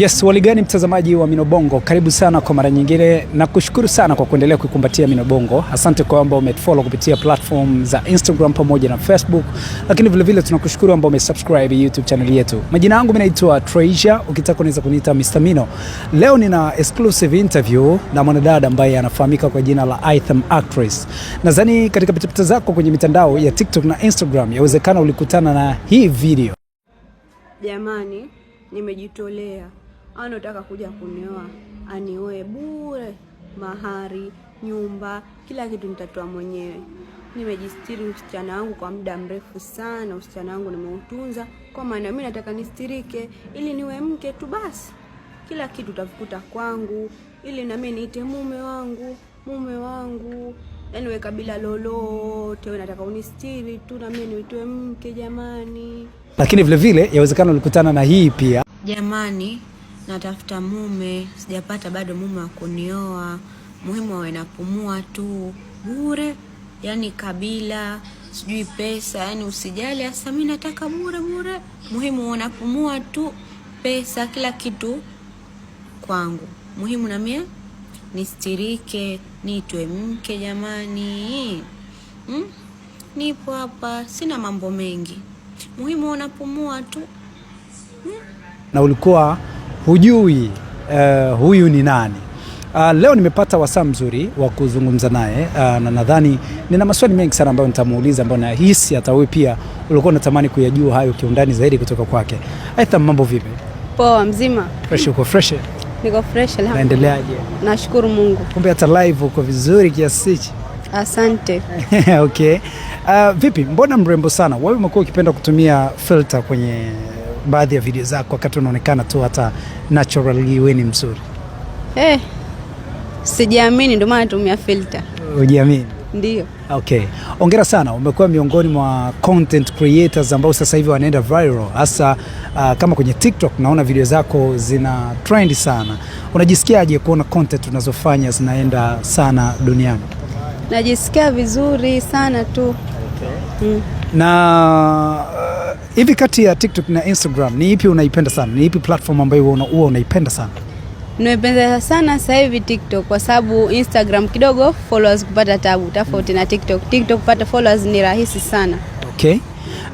Yes, wali gani mtazamaji wa Minobongo, karibu sana kwa mara nyingine na kushukuru sana kwa kuendelea kuikumbatia Minobongo. Asante kwa ambao umetufollow kupitia platform za Instagram pamoja na Facebook, lakini vilevile tunakushukuru ambao umesubscribe YouTube channel yetu. Majina yangu mimi naitwa Treasure, ukitaka unaweza kuniita Mr. Mino. Leo nina exclusive interview na mwanadada ambaye anafahamika kwa jina la Aitham Actress. Nadhani katika pitapita zako kwenye mitandao ya TikTok na Instagram, yawezekana ulikutana na hii video. Jamani, nimejitolea anataka kuja kunioa anioe bure, mahari, nyumba, kila kitu nitatoa mwenyewe. Nimejistiri usichana wangu kwa muda mrefu sana, usichana wangu nimeutunza, kwa maana mimi nataka nistirike ili niwe mke tu basi. Kila kitu utakuta kwangu, ili nami niite mume wangu, mume wangu. Yaani we kabila lolote, nataka unistiri tu nami niitwe mke jamani. Lakini vilevile yawezekana ulikutana na hii pia jamani natafuta mume, sijapata bado mume wa kunioa. Muhimu awe napumua tu bure, yani kabila sijui pesa, yani usijali. hasa mimi nataka bure bure, muhimu unapumua tu, pesa kila kitu kwangu muhimu, na mimi nistirike, niitwe mke jamani. Hmm? Nipo hapa, sina mambo mengi, muhimu unapumua tu. Hmm? na ulikuwa hujui uh, huyu ni nani. Uh, leo nimepata wasaa mzuri wa kuzungumza naye uh, na nadhani nina maswali mengi sana ambayo nitamuuliza, ambayo nahisi hata wewe pia ulikuwa unatamani kuyajua hayo kiundani zaidi kutoka kwake. Aitha, mambo vipi? Poa, mzima. Fresh, uko fresh? Niko fresh, alhamdulillah. Naendeleaje? Nashukuru Mungu. Kumbe hata live uko vizuri kiasi hichi. Asante. Okay. Uh, vipi, mbona mrembo sana wewe? Umekuwa ukipenda kutumia filter kwenye baadhi ya video zako wakati unaonekana tu hata naturally wewe ni mzuri? Eh, sijiamini ndio maana tumia filter. Ujiamini? Ndio. Okay. Ongera sana, umekuwa miongoni mwa content creators ambao sasa hivi wanaenda viral hasa uh, kama kwenye TikTok naona video zako zina trend sana. Unajisikiaje kuona content unazofanya zinaenda sana duniani? Najisikia vizuri sana tu. Okay. Mm. Na Hivi kati ya TikTok na Instagram ni ipi unaipenda sana? Ni ipi platform ambayo huwa unaipenda sana? Nimependa sana sasa hivi TikTok kwa sababu Instagram kidogo followers kupata tabu tofauti na TikTok. TikTok kupata followers ni rahisi sana. Okay.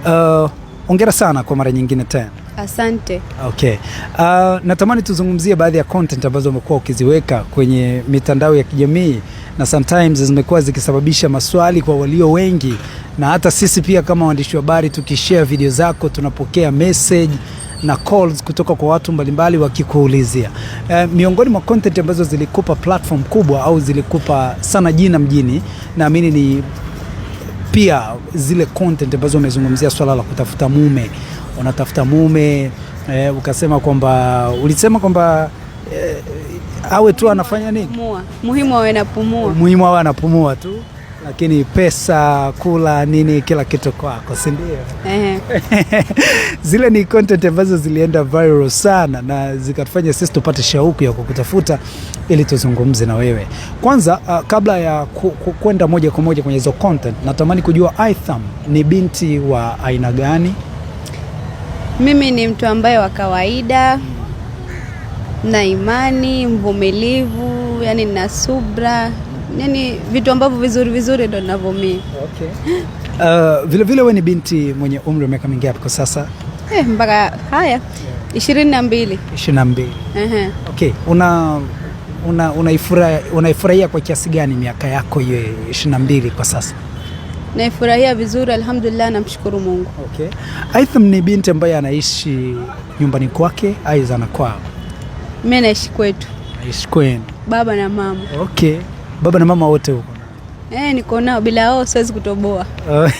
Uh, ongera sana kwa mara nyingine tena. Asante. Okay. Uh, natamani tuzungumzie baadhi ya content ambazo umekuwa ukiziweka kwenye mitandao ya kijamii na sometimes zimekuwa zikisababisha maswali kwa walio wengi, na hata sisi pia kama waandishi wa habari tukishare video zako tunapokea message na calls kutoka kwa watu mbalimbali wakikuulizia. Uh, miongoni mwa content ambazo zilikupa platform kubwa au zilikupa sana jina mjini, naamini ni pia zile content ambazo umezungumzia swala la kutafuta mume unatafuta mume e, ukasema kwamba ulisema kwamba e, awe tu anafanya nini, muhimu awe anapumua, muhimu awe anapumua tu, lakini pesa, kula nini, kila kitu kwako, si ndio? zile ni content ambazo zilienda viral sana na zikatufanya sisi tupate shauku ya kukutafuta ili tuzungumze na wewe. Kwanza uh, kabla ya kwenda ku, moja kwa moja kwenye hizo content, natamani kujua Itham ni binti wa aina gani? Mimi ni mtu ambaye wa kawaida na imani, mvumilivu, yani na subra, yani vitu ambavyo vizuri vizuri ndo mimi. Okay. Uh, vile vile wewe ni binti mwenye umri wa miaka mingapi kwa sasa? Eh, mpaka haya ishirini na mbili. Ishirini na mbili. Okay, una unaifurahia una, kwa kiasi gani miaka yako hiyo ishirini na mbili kwa sasa? naifurahia vizuri, alhamdulillah, namshukuru Mungu. Okay. Aitham ni binti ambaye anaishi nyumbani kwake aidha kwao? Mimi naishi kwetu. Naishi kwenu? Baba na mama. Okay. Baba na mama wote huko? Eh, niko nao, bila wao siwezi kutoboa.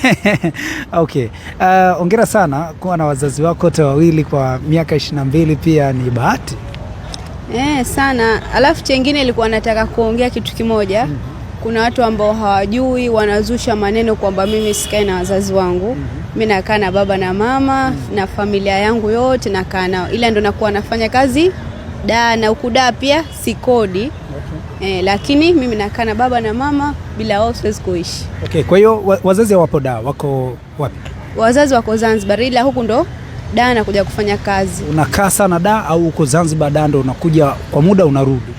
Okay. Uh, ongera sana kuwa na wazazi wako wote wawili kwa miaka ishirini na mbili pia ni bahati. Eh, sana. Alafu chengine ilikuwa nataka kuongea kitu kimoja. Mm -hmm kuna watu ambao hawajui, wanazusha maneno kwamba mimi sikae na wazazi wangu mm -hmm. mi nakaa na baba na mama mm -hmm. na familia yangu yote nakaa nao, ila ndo nakuwa nafanya kazi daa na ukudaa pia sikodi okay. E, lakini mimi nakaa na baba na mama, bila wao siwezi kuishi okay. Kwa hiyo wazazi hawapo daa, wako wapi? Wazazi wako Zanzibar, ila huku ndo daa nakuja kufanya kazi. Unakaa sana daa au uko Zanzibar? Daa ndo unakuja kwa muda unarudi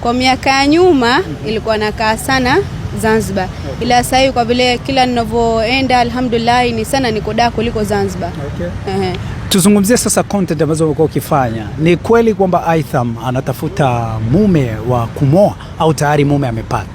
kwa miaka ya nyuma ilikuwa nakaa sana Zanzibar, ila sasa hivi kwa vile kila ninavyoenda alhamdulillah ni sana niko da kuliko Zanzibar. Okay. Tuzungumzie sasa content ambazo umekuwa ukifanya. Ni kweli kwamba Aitham anatafuta mume wa kumoa au tayari mume amepata?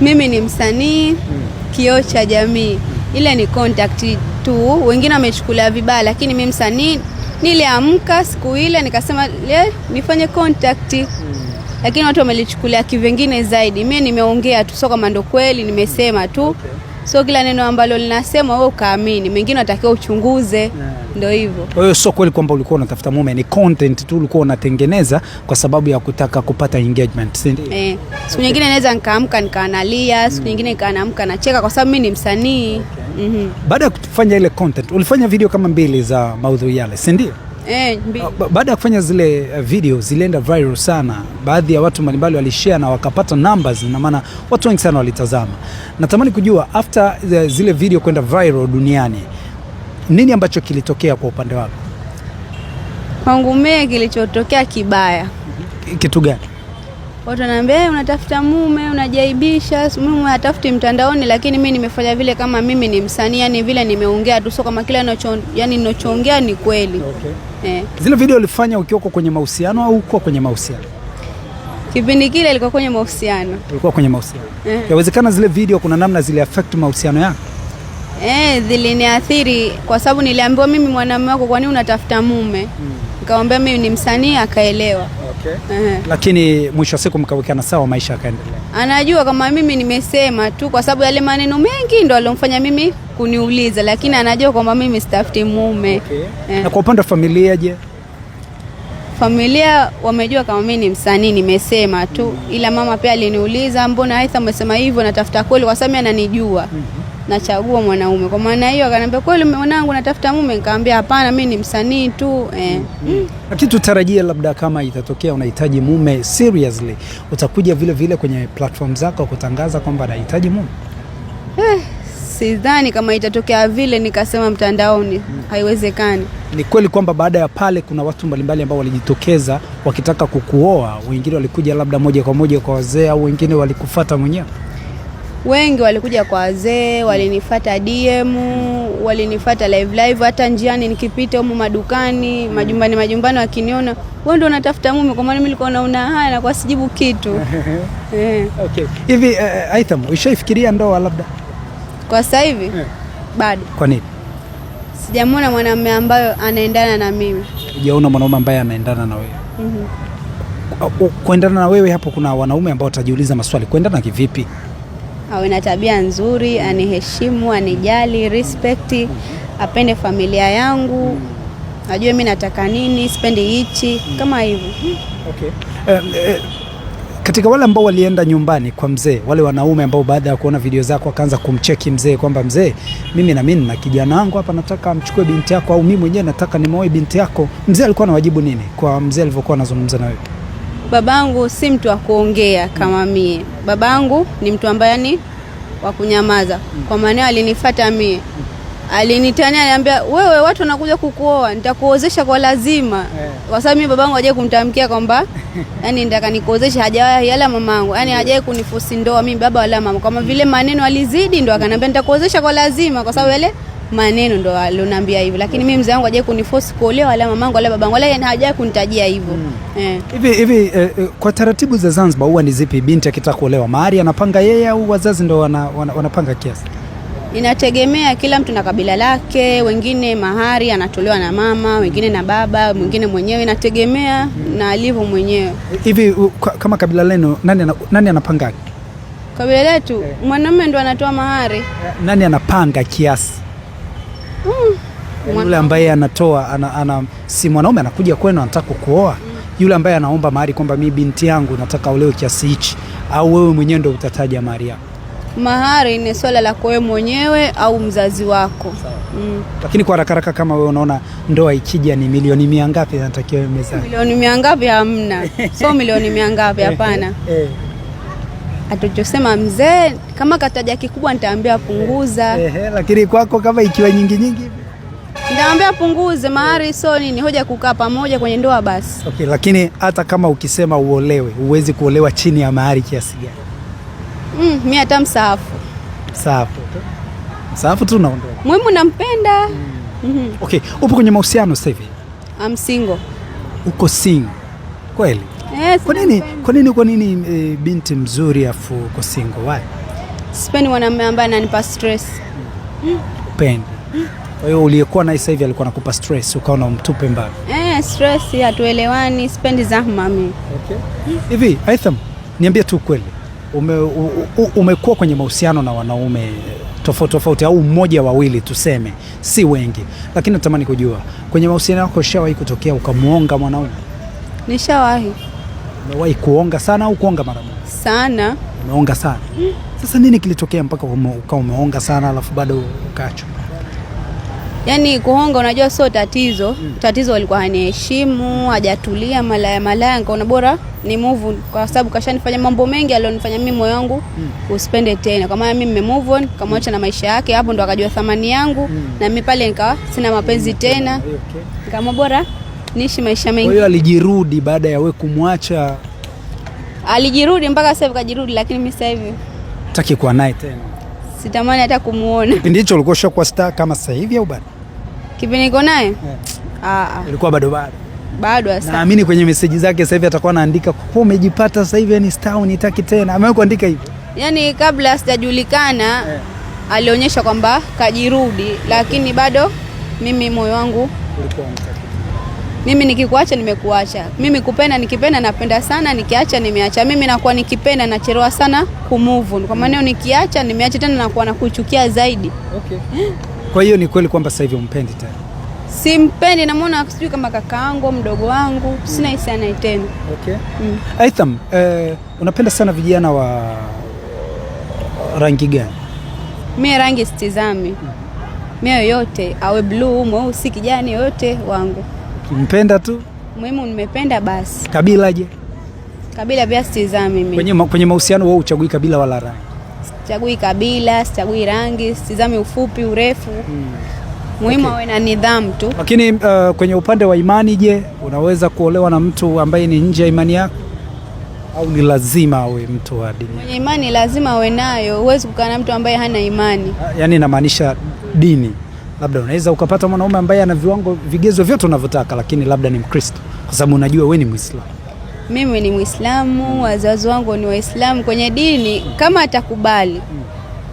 Mimi ni msanii hmm, kioo cha jamii, ile ni contact tu, wengine wamechukulia vibaya, lakini mimi msanii niliamka siku ile nikasema le nifanye contact hmm lakini watu wamelichukulia kivengine zaidi. Mimi nimeongea tu, sio kama ndo kweli, nimesema tu okay. Sio kila neno ambalo linasema wewe ukaamini, mengine atakiwa uchunguze yeah. Ndio hivyo. Kwa hiyo sio kweli kwamba ulikuwa unatafuta mume, ni content tu ulikuwa unatengeneza kwa sababu ya kutaka kupata engagement, si ndio? Eh. Siku okay. nyingine naweza nikaamka nikaanalia, nalia, siku mm. nyingine nikawa naamka nacheka kwa sababu mimi ni msanii okay. mm -hmm. Baada ya kufanya ile content, ulifanya video kama mbili za maudhui yale, si ndio? eh, ah, baada ya kufanya zile eh, video zilienda viral sana, baadhi ya watu mbalimbali walishare na wakapata numbers, na maana watu wengi sana walitazama. Natamani kujua after eh, zile video kwenda viral duniani, nini ambacho kilitokea kwa upande wako? Kwangu mimi kilichotokea kibaya. Kitu gani? watu wanaambia eh, unatafuta mume, unajaibisha mume atafuti mtandaoni, lakini mi nimefanya vile kama mimi ni msanii, yani vile nimeongea tu, sio kama kile nacho, yani ninachoongea ni kweli. Okay. Eh. Zile video ulifanya ukiwa kwenye mahusiano au uko kwenye mahusiano? Kipindi kile ilikuwa kwenye mahusiano. Ilikuwa kwenye mahusiano. Eh. Yawezekana zile video kuna namna zile affect mahusiano yako? Eh, ziliniathiri kwa sababu niliambiwa mimi, mwanamume wako kwa nini unatafuta mume? Hmm nikamwambia mimi ni msanii akaelewa. Okay. Uh-huh. Lakini mwisho wa siku mkawekana sawa, maisha yakaendelea. Anajua kama mimi nimesema tu, kwa sababu yale maneno mengi ndo alomfanya mimi kuniuliza, lakini anajua kwamba mimi sitafuti mume. Okay. Na kwa upande wa familia je? Familia wamejua kama mimi ni msanii, nimesema tu, ila mama pia aliniuliza, mbona Aitha umesema hivyo? Natafuta kweli, kwa sababu ananijua. Hmm nachagua mwanaume. Kwa maana hiyo akaniambia, kweli mwanangu natafuta mume? Nikamwambia hapana, mimi ni msanii tu eh. mm. mm. Lakini tutarajie labda kama itatokea unahitaji mume seriously, utakuja vile vile kwenye platform zako kutangaza kwamba nahitaji mume eh? Sidhani kama itatokea vile nikasema mtandaoni, mm. haiwezekani. Ni kweli kwamba baada ya pale kuna watu mbalimbali ambao walijitokeza wakitaka kukuoa, wengine walikuja labda moja kwa moja kwa wazee, au wengine walikufata mwenyewe wengi walikuja kwa wazee, walinifata DM, walinifata live live, hata njiani nikipita huko madukani, majumbani majumbani, wakiniona wewe ndio unatafuta mume, kwa maana mimi nilikuwa naona haya na kwa sijibu kitu eh. Okay, hivi uh, eh, eh, Aitham, ushaifikiria ndoa labda kwa sasa hivi yeah? Bado. Kwa nini? Sijamwona mwanamume ambaye anaendana na mimi. Hujaona mwanaume ambaye anaendana na wewe? mm -hmm. Kuendana na wewe hapo kuna wanaume ambao watajiuliza maswali, kuendana kivipi? awe na tabia nzuri, aniheshimu, anijali, respect, apende familia yangu, ajue mi nataka nini, sipendi hichi kama hivyo. Okay. Um, uh, katika wale ambao walienda nyumbani kwa mzee, wale wanaume ambao baada ya kuona video zako wakaanza kumcheki mzee kwamba mzee, mimi na mimi na kijana wangu hapa nataka amchukue binti yako, au mimi mwenyewe nataka nimoe binti yako, mzee alikuwa anawajibu nini kwa mzee alivyokuwa anazungumza na wewe? babangu si mtu wa kuongea kama mm. mie. Babangu ni mtu ambaye ni wa kunyamaza, mm. kwa maana alinifuata mie, alinitania, aliambia wewe, watu wanakuja kukuoa, nitakuozesha kwa lazima, eh. kwa sababu mie babangu hajawahi kumtamkia kwamba yani nitaka nikuozeshe, hajawahi yala mamangu, yani mm. hajai kunifosi ndoa mimi baba wala mama, kama vile maneno alizidi, ndo akanambia nitakuozesha kwa lazima, kwa sababu yale maneno ndo alionambia hivyo, lakini mimi mzee wangu hajawahi kuniforce kuolewa, wala mamangu wala babangu wala hajawahi kunitajia hivyo hmm. eh. hivi hivi. Eh, eh, kwa taratibu za Zanzibar huwa ni zipi? Binti akitaka kuolewa mahari anapanga yeye au wazazi ndo wanapanga wana, wanapanga kiasi? Inategemea, kila mtu na kabila lake. Wengine mahari anatolewa na mama, wengine na baba, mwingine mwenyewe, inategemea mm. na alivyo mwenyewe. Hivi kama kabila lenu nani, nani anapanga? Kabila letu eh, mwanamume ndo anatoa mahari. Nani anapanga kiasi? Yule ambaye anatoa ana, ana, si mwanaume anakuja kwenu anataka kukuoa Yule ambaye anaomba mahari kwamba mi binti yangu nataka uleo kiasi hichi, au wewe mwenyewe ndo utataja mahari yako. Mahari ni swala la wewe mwenyewe au mzazi wako mm. Lakini kwa haraka haraka, kama wewe unaona ndoa ikija ni milioni mia ngapi natakiwa mezani? Milioni mia ngapi? Hamna, so milioni mia ngapi? Hapana. Eh, eh atochosema mzee, kama kataja kikubwa nitaambia punguza. Ehe, lakini kwako kama ikiwa nyingi nyingi nitaambia punguze, mahari so nini, hoja kukaa pamoja kwenye ndoa basi. Okay, lakini hata kama ukisema uolewe, huwezi kuolewa chini ya mahari kiasi gani? Mm, mi hata msaafu. Msaafu tu. Msaafu tu naondoka. Muhimu nampenda. Mm. Mm -hmm. Okay, upo kwenye mahusiano sasa hivi? I'm single. Uko single. Kweli? Yes, eh, kwa nini? Kwa nini kwa nini e, binti mzuri afu uko single? Why? Sipendi mwanamume ambaye ananipa stress. Hmm. Upendi. Hmm. Kwa hiyo uliyekuwa naye sasa hivi alikuwa anakupa stress ukaona umtupe mbali. Eh, stress hatuelewani, sipendi zahma mimi. Okay. Hivi, Aitham, niambie tu kweli. Ume, umekuwa kwenye mahusiano na wanaume tofauti tofauti au mmoja wawili tuseme, si wengi, lakini natamani kujua kwenye mahusiano yako ushawahi kutokea ukamuonga mwanaume? Nishawahi. Umewahi kuonga sana au kuonga mara moja? Sana. Umeonga sana. Sasa nini kilitokea mpaka ukawa umeonga sana alafu bado ukaacha? Yaani kuonga unajua sio tatizo. Mm. Tatizo alikuwa haniheshimu, hajatulia malaya malaya, nikaona bora ni move kwa sababu kashanifanya mambo mengi alionifanya mimi moyo wangu mm. usipende tena. Kwa maana mimi nime move on, kamwacha na maisha yake, hapo ndo akajua thamani yangu mm. na mimi pale nikawa sina mapenzi mm. tena. Okay. Nikamwambia bora niishi maisha mengi. Kwa hiyo alijirudi baada ya wewe kumwacha? Alijirudi mpaka sasa hivi kajirudi, lakini mimi sasa hivi nataki kuwa naye tena, sitamani hata kumuona. Kipindi hicho ulikuwa ushakuwa star kama sasa hivi au bado? Kipindi niko naye yeah. Eh. Ah. ilikuwa bado bado bado sasa. Naamini kwenye meseji zake sasa hivi atakuwa anaandika kwa umejipata sasa hivi ni star unitaki tena. Amewahi kuandika hivyo? Yaani kabla sijajulikana yeah. alionyesha kwamba kajirudi lakini bado mimi moyo wangu ulikuwa mimi nikikuacha nimekuacha. Mimi kupenda nikipenda napenda sana, nikiacha nimeacha. Mimi nakuwa nikipenda nachelewa sana kumove. Kwa maana nikiacha nimeacha tena nakuwa nakuchukia zaidi. Okay. Kwa hiyo ni kweli kwamba sasa hivi umpendi tena? Simpendi, namwona sijui kama kaka yangu mdogo wangu, mm. sina hisia naye tena. Okay. Mm. Itham, eh, unapenda sana vijana wa rangi gani? Mimi rangi sitizami. Mm. Mimi yoyote, awe blue, mweusi, kijani, yoyote wangu. Kimpenda tu muhimu, nimependa basi. Kabila je? Kabila pia sitizami mimi. Kwenye, kwenye mahusiano wewe uchagui kabila wala rangi? Sichagui kabila, sichagui rangi, sitizami ufupi, urefu hmm. Muhimu awe na nidhamu tu. Lakini uh, kwenye upande wa imani je, unaweza kuolewa na mtu ambaye ni nje ya imani yako au ni lazima awe mtu wa dini? Mwenye imani lazima awe nayo, huwezi kukaa na mtu ambaye hana imani. Yaani inamaanisha dini labda unaweza ukapata mwanaume ambaye ana viwango vigezo vyote unavyotaka, lakini labda ni Mkristo, kwa sababu unajua wewe ni Muislamu. Mimi ni Muislamu, wazazi wangu ni Waislamu. Kwenye dini, kama atakubali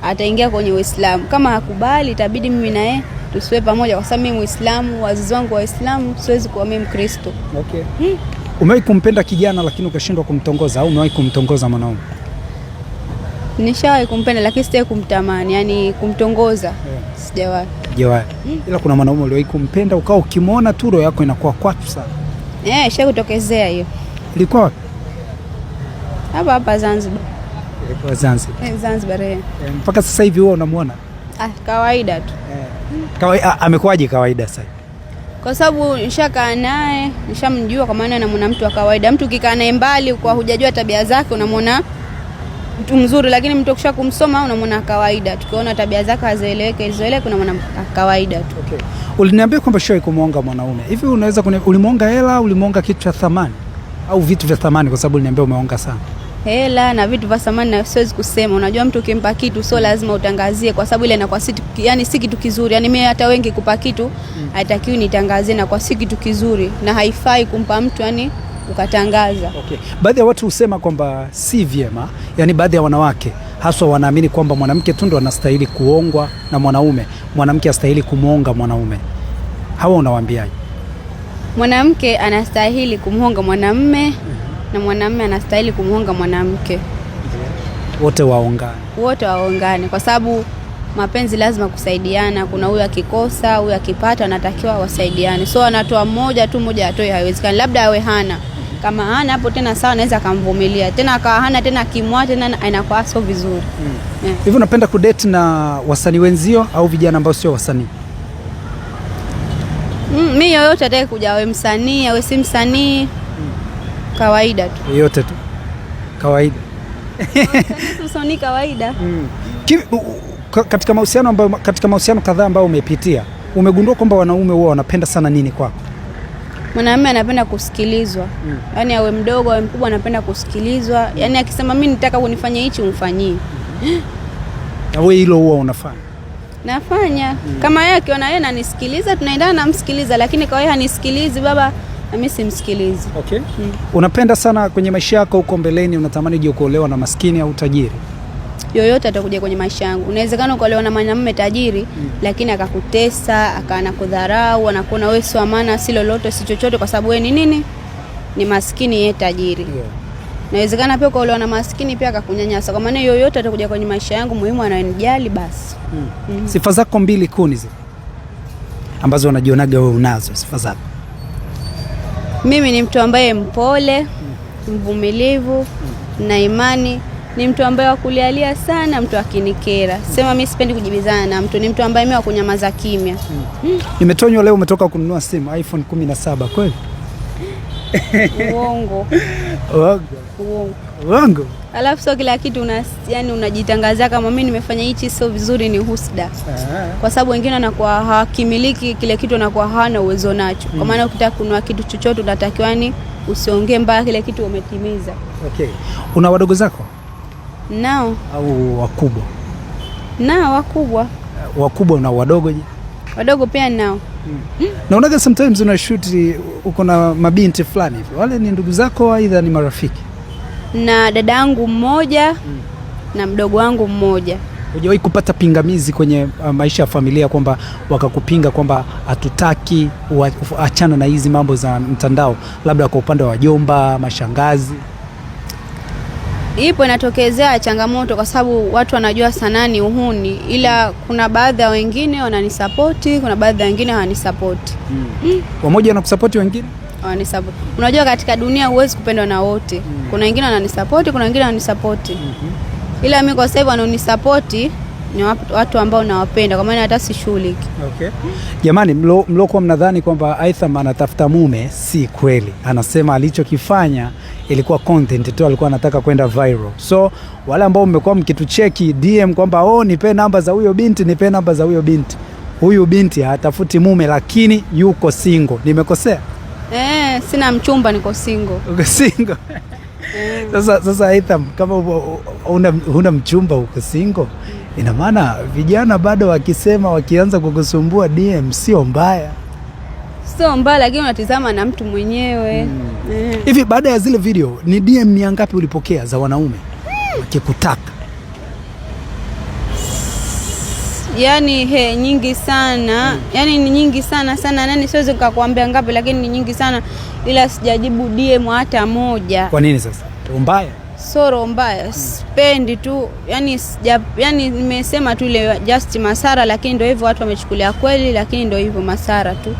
ataingia kwenye Uislamu, kama hakubali itabidi mimi yeye tusiwe pamoja, kwa sababu mimi Muislamu, wazazi wangu Waislamu, siwezi kuwa mimi Mkristo. Okay. Hmm. Umewahi kumpenda kijana lakini ukashindwa kumtongoza au umewahi kumtongoza mwanaume? Nishawahi kumpenda lakini sijawahi kumtamani, yani kumtongoza yeah. Sijawahi mm. Ila kuna mwanaume uliwahi kumpenda ukawa ukimwona tu roho yako inakuwa kwatu sana yeah, isha kutokezea hiyo. Ilikuwa wapi? Hapa hapa Zanzibar. Ilikuwa Zanzibar. Eh, Zanzibar eh. eh mpaka sasa hivi wewe unamwona? Ah, kawaida tu yeah. Kawaida, amekuwaje kawaida sasa? Kwa sababu nishakaa naye nishamjua, kwa maana namwona mtu wa kawaida. Mtu ukikaa naye mbali kwa hujajua tabia zake, unamwona mtu mzuri, lakini mtu kisha kumsoma unamwona kawaida. Tukiona tabia zake hazieleweke, izoeleweke, unamwona kawaida tu. Okay. Uliniambia kwamba shawai kumwonga mwanaume hivi, unaweza ulimwonga hela, ulimwonga kitu cha thamani au vitu vya thamani? Kwa sababu uliniambia umeonga sana hela na vitu vya thamani, na siwezi kusema. Unajua, mtu ukimpa kitu sio lazima utangazie, kwa sababu ile inakuwa si yani, si kitu kizuri. Yani mimi hata wengi kupa kitu mm. haitakiwi nitangazie, na kwa si kitu kizuri na haifai kumpa mtu yani ukatangaza. Okay. Baadhi ya watu husema kwamba si vyema, yani baadhi ya wanawake haswa wanaamini kwamba mwanamke tu ndo anastahili kuongwa na mwanaume, mwanamke astahili kumwonga mwanaume. Hawa unawaambiaje? Mwanamke anastahili kumhonga mwanamme na mwanamme anastahili kumhonga mwanamke, wote waongane, wote waongane, kwa sababu mapenzi lazima kusaidiana. Kuna huyu akikosa, huyu akipata, wanatakiwa wasaidiane. So anatoa mmoja tu, mmoja atoe, haiwezekani, labda awe hana kama hana hapo tena sawa, anaweza akamvumilia tena, akawa hana tena kimwa tena, inakuwa sio vizuri hmm. hivi yeah. Unapenda kudate na wasanii wenzio au vijana ambao sio wasanii? Mm, mi yoyote atake kuja, awe msanii awe si msanii mm. Kawaida tu yoyote tu kawaida usanii kawaida mm. Kim, katika mahusiano ambayo katika mahusiano kadhaa ambayo umepitia umegundua kwamba wanaume huwa wanapenda sana nini kwako? Mwanamume anapenda kusikilizwa mm. Yani awe mdogo awe mkubwa, anapenda kusikilizwa mm. Yaani akisema mimi nitaka kunifanya hichi umfanyie. Mm-hmm. Na wewe hilo huwa unafanya? Nafanya mm. Kama yeye akiona yeye ananisikiliza, tunaendana namsikiliza, lakini kwa yeye hanisikilizi baba, na mimi simsikilizi. Okay. Mm. Unapenda sana kwenye maisha yako huko mbeleni, unatamani je, kuolewa na maskini au tajiri? yoyote atakuja kwenye maisha yangu. Inawezekana ukaolewa na mwanamume tajiri mm. lakini akakutesa, akanakudharau, anakuona wewe si maana, si lolote, si chochote, kwa sababu wewe ni nini? Ni maskini, yeye tajiri yeah. Inawezekana pia ukaolewa na maskini pia akakunyanyasa. Kwa maana yoyote atakuja kwenye maisha yangu, muhimu ananijali basi. mm. mm -hmm. Sifa zako mbili kuu ni zipi ambazo unajionaga wewe unazo? Sifa zako mimi ni mtu ambaye mpole, mm. mvumilivu mm. na imani ni mtu ambaye wakulialia sana mtu akinikera, sema mimi sipendi kujibizana na mtu, ni mtu ambaye mimi wakunyamaza kimya. Hmm. Nimetonywa leo, umetoka kununua simu iPhone 17 kweli? Uongo. Uongo. Uongo. Uongo. Alafu sio kila kitu una, yani unajitangazia kama mimi nimefanya hichi, sio vizuri, ni husda, ah. kwa sababu wengine wanakuwa hawakimiliki kile kitu, wanakuwa hawana uwezo nacho. Kwa hmm. maana ukitaka kununua kitu chochote unatakiwa ni usiongee mbaya kile kitu umetimiza. Okay. Una wadogo zako? Nao au wakubwa? Nao wakubwa. Wakubwa na wadogo je? Wadogo pia nao. Hmm. Naonaga sometimes una shoot uko na mabinti fulani hivi, wale ni ndugu zako aidha ni marafiki? Na dada yangu mmoja hmm, na mdogo wangu mmoja. Hujawahi kupata pingamizi kwenye uh, maisha ya familia kwamba wakakupinga kwamba hatutaki achana na hizi mambo za mtandao, labda kwa upande wa wajomba, mashangazi? ipo inatokezea changamoto, kwa sababu watu wanajua sanaa ni uhuni, ila kuna baadhi ya wengine wananisapoti, kuna baadhi ya wengine hawanisapoti. Hmm. Hmm? Wamoja wanakusapoti, wengine hawanisapoti. Unajua, katika dunia huwezi kupendwa na wote. Hmm. Kuna wengine wananisapoti, kuna wengine hawanisapoti. -hmm. Ila mimi kwa sasa hivi wanaonisapoti ni watu ambao nawapenda, kwa maana hata si shughuliki. Okay. Jamani, mliokuwa mnadhani kwamba Aitham anatafuta mume, si kweli. Anasema alichokifanya ilikuwa content tu, alikuwa anataka kwenda viral. So wale ambao mmekuwa mkitucheki DM kwamba oh, nipe namba za huyo binti, nipe namba za huyo binti, huyu binti hatafuti mume, lakini yuko single. Nimekosea eh? Sina mchumba, niko single. Uko single? Mm. Sasa, sasa Itham, kama una mchumba uko single, ina maana vijana bado wakisema, wakianza kukusumbua DM sio mbaya sio mbaya, lakini unatizama na mtu mwenyewe hmm. eh. hivi. Mm. Baada ya zile video ni DM mia ngapi ulipokea za wanaume wakikutaka? Yani he, nyingi sana mm. yani ni nyingi sana sana, nani siwezi kukuambia ngapi, lakini ni nyingi sana, ila sijajibu DM hata moja. Kwa nini sasa? Mbaya soro mbaya, hmm. spendi tu yani, sija, yani nimesema tu ile just masara, lakini ndio hivyo watu wamechukulia kweli, lakini ndio hivyo masara tu.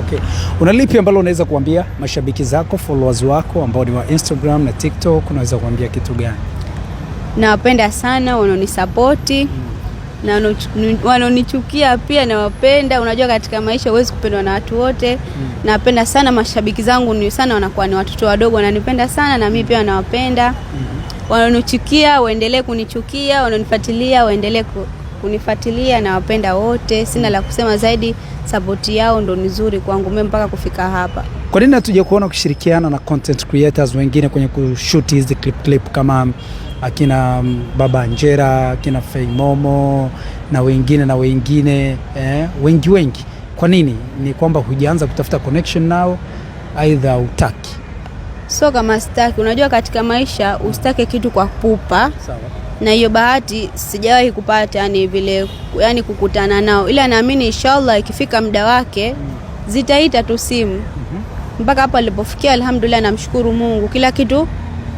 Okay. Una lipi ambalo unaweza kuambia mashabiki zako, followers wako ambao ni wa Instagram na TikTok, unaweza kuambia kitu gani? Nawapenda sana wanaonisapoti hmm. na wanaonichukia pia nawapenda. Unajua, katika maisha huwezi kupendwa na watu wote. Hmm. Napenda sana mashabiki zangu, ni sana wanakuwa ni watoto wadogo, wananipenda sana na mimi pia nawapenda. Hmm. Wanaonichukia waendelee kunichukia, wanaonifuatilia waendelee kunifuatilia na wapenda wote. Sina la kusema zaidi, sapoti yao ndo nzuri kwangu mimi mpaka kufika hapa. Kwa nini hatuja kuona kushirikiana na content creators wengine kwenye kushoot hizi clip clip kama um, akina um, Baba Njera, akina Fei Momo na wengine na wengine eh, wengi wengi? Kwa nini? Ni kwamba hujaanza kutafuta connection nao, aidha utaki? So kama sitaki, unajua katika maisha usitake kitu kwa pupa. Sawa na hiyo bahati sijawahi kupata, yani vile, yani kukutana nao, ila naamini inshallah ikifika muda wake zitaita tu simu. Mhm. Mpaka hapa alipofikia, alhamdulillah, namshukuru Mungu, kila kitu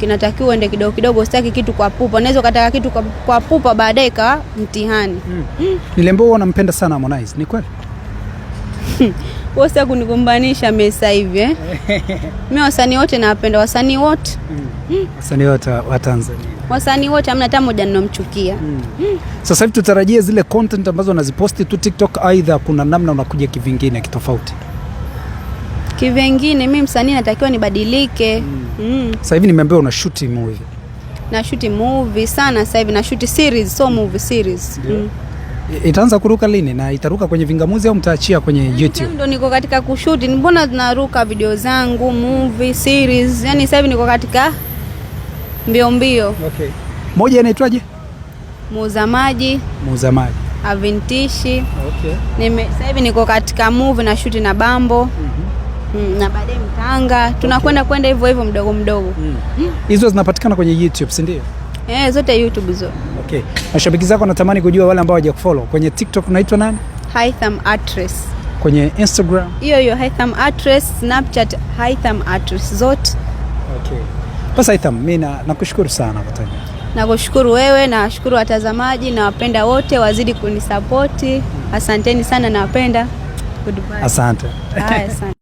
kinatakiwa ende kidogo kidogo, sitaki kitu kwa pupa. Unaweza ukataka kitu kwa, kwa pupa baadaye ikawa mtihani. mm. mm. Nilembo wanampenda sana Harmonize, ni kweli? wosa kunigombanisha mimi sasa hivi eh? Mimi wasanii wote nawapenda, wasanii wote mm. mm. wasanii wote wa Tanzania wasanii wote hamna hata mmoja ninomchukia. mm. Hmm. Sasa hivi tutarajie zile content ambazo anaziposti tu TikTok, aidha kuna namna unakuja kivingine kitofauti kivingine. Mimi msanii natakiwa nibadilike. mm. mm. Sasa hivi nimeambiwa una shoot movie. Na shoot movie sana sasa hivi na shoot series, so movie series. Yeah. Mm. Itaanza kuruka lini na itaruka kwenye vingamuzi au mtaachia kwenye YouTube? Ndio niko katika kushuti, mbona zinaruka video zangu movie series, Yaani sasa hivi niko katika mbio mbio. Okay. Moja inaitwaje? Muuza maji. Muuza maji. Avintishi. Okay. Nime sasa hivi niko katika movie na shoot na Bambo. mm -hmm. Mm, na baadaye Mtanga tunakwenda okay. kwenda hivyo hivyo mdogo mdogo mm. hizo mm. zinapatikana kwenye YouTube si ndio? Eh, zote YouTube hizo. Okay. Mashabiki zako wanatamani kujua wale ambao hawajakufollow. Kwenye TikTok unaitwa nani? Haitham Actress. Kwenye Instagram? Hiyo hiyo Haitham Actress, Snapchat Haitham Actress zote. Okay. Basi Haitham, mi nakushukuru sana Katanya. Nakushukuru wewe, nawashukuru watazamaji, nawapenda wote, wazidi kunisapoti. Asanteni sana, nawapenda. Goodbye. Asante. asante.